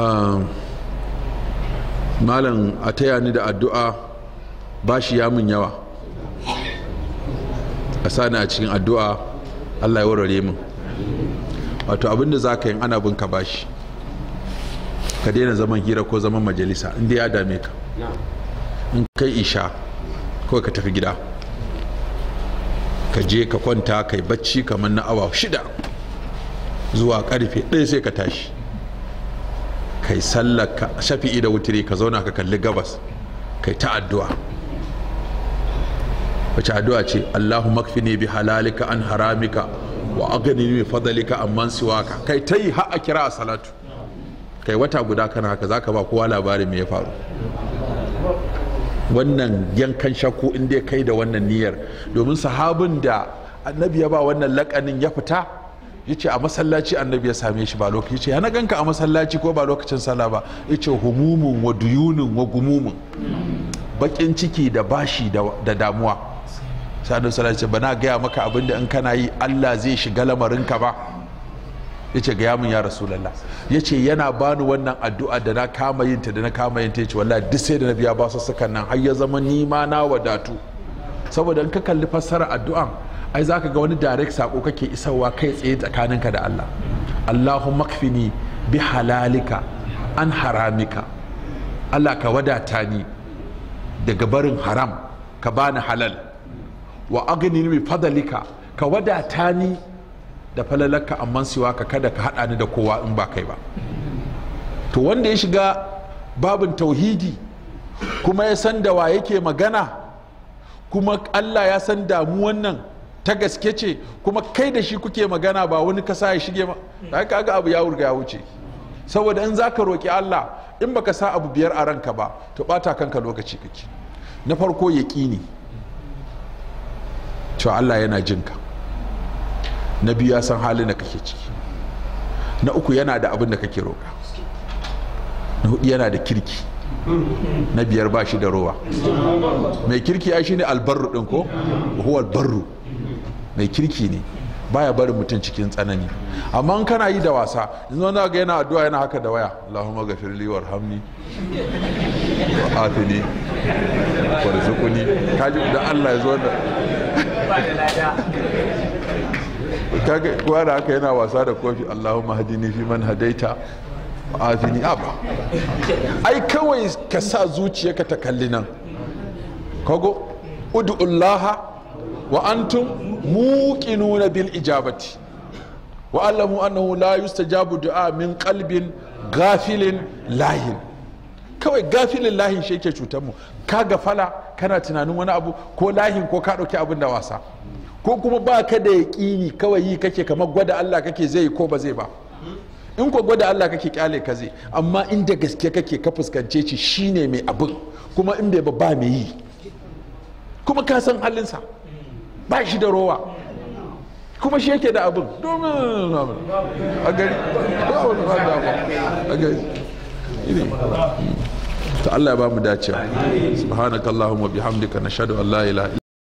Um, malam a taya ni da addu'a ba shi ya mun yawa a sani a cikin addu'a allah ya warware min wato abinda za ka yi ana bin ka shi ka daina zaman hira ko zaman majalisa inda ya dame ka in kai isha kawai ka tafi gida ka je ka kwanta ka bacci kamar na awa shida zuwa karfe ɗaya sai ka tashi kai sallar ka shafi'i da wutiri ka zauna ka kalli gabas kai ta addu'a wace addu'a ce Allahu makfini bi halalika an haramika wa aghnini bi fadlika amman siwaka kai ta yi har a kira a salatu kai wata guda kana haka zaka ba kowa labarin me ya faru wannan yankan shakku in dai kai da wannan niyyar domin sahabin da annabi ya ba wannan lakanin ya fita ya ce a masallaci annabi ya same shi ba lokaci ya ce ya na ganka a masallaci ko ba lokacin sallah ba ya ce humumun wa duyunin wa gumumun bakin ciki da bashi da damuwa sanin sallah ce ba na gaya maka abin da in kana yi Allah zai shiga lamarinka ba ya ce gaya min ya rasulallah ya ce yana bani wannan addu'a da na kama yinta da na kama yin ta ya ce wallahi duk sai da na biya ba su sukan nan har ya zama nima na wadatu saboda in ka kalli fassara addu'an ai za ka ga wani direct sako kake isarwa kai tsaye tsakaninka da Allah Allahun makfini bi halalika an haramika Allah ka wadata ni daga barin haram ka bani halal wa agni bi fadalika ka wadata ni da falalaka amma siwa ka kada ka hada ni da kowa in ba kai ba to wanda ya shiga babin tauhidi kuma ya san da wa yake magana kuma Allah ya san damu wannan. ta gaske ce kuma kai da shi kuke magana ba wani kasa ya shige ma da kaga abu ya wurga ya wuce saboda in za ka roƙi Allah in baka sa abu biyar a ranka ba to bata kanka lokaci kake na farko ne to Allah yana jinka na biyu ya san halin da kake ciki na uku yana da abin da kake roka na hudu yana da kirki na biyar ba shi da rowa mai kirki ya shi ne albarru ɗin ko huwa albarru mai kirki ne baya barin mutum cikin tsanani amma kana yi da wasa yanzu wanda ga yana addu'a yana haka da waya Allahumma ghafir li warhamni wa afini warzuqni kaji da Allah ya zo da kaga Kuwa da haka yana wasa da kofi Allahumma hadini fi man hadaita wa afini aba ai kawai ka sa zuciyarka ta kalli nan kago ud'ullaha wa antum muqinuna bil ijabati wa allamu annahu la yustajabu du'a min qalbin gafilin lahin kawai gafilin lahin shi yake cutar mu ka gafala kana tunanin wani abu ko lahin ko ka dauki abin da wasa ko kuma ba ka da yaƙini kawai yi kake kamar gwada Allah kake zai ko ba zai ba in ko gwada Allah kake kyale ka zai amma inda gaske kake ka fuskance shi shine mai abin kuma in bai ba ba mai yi kuma ka san halinsa ba shi da rowa kuma shi yake da abin domin a gari ba wani ba da a gari ta Allah ya ba mu dace subhanakallahumma bihamdika nashhadu an la ilaha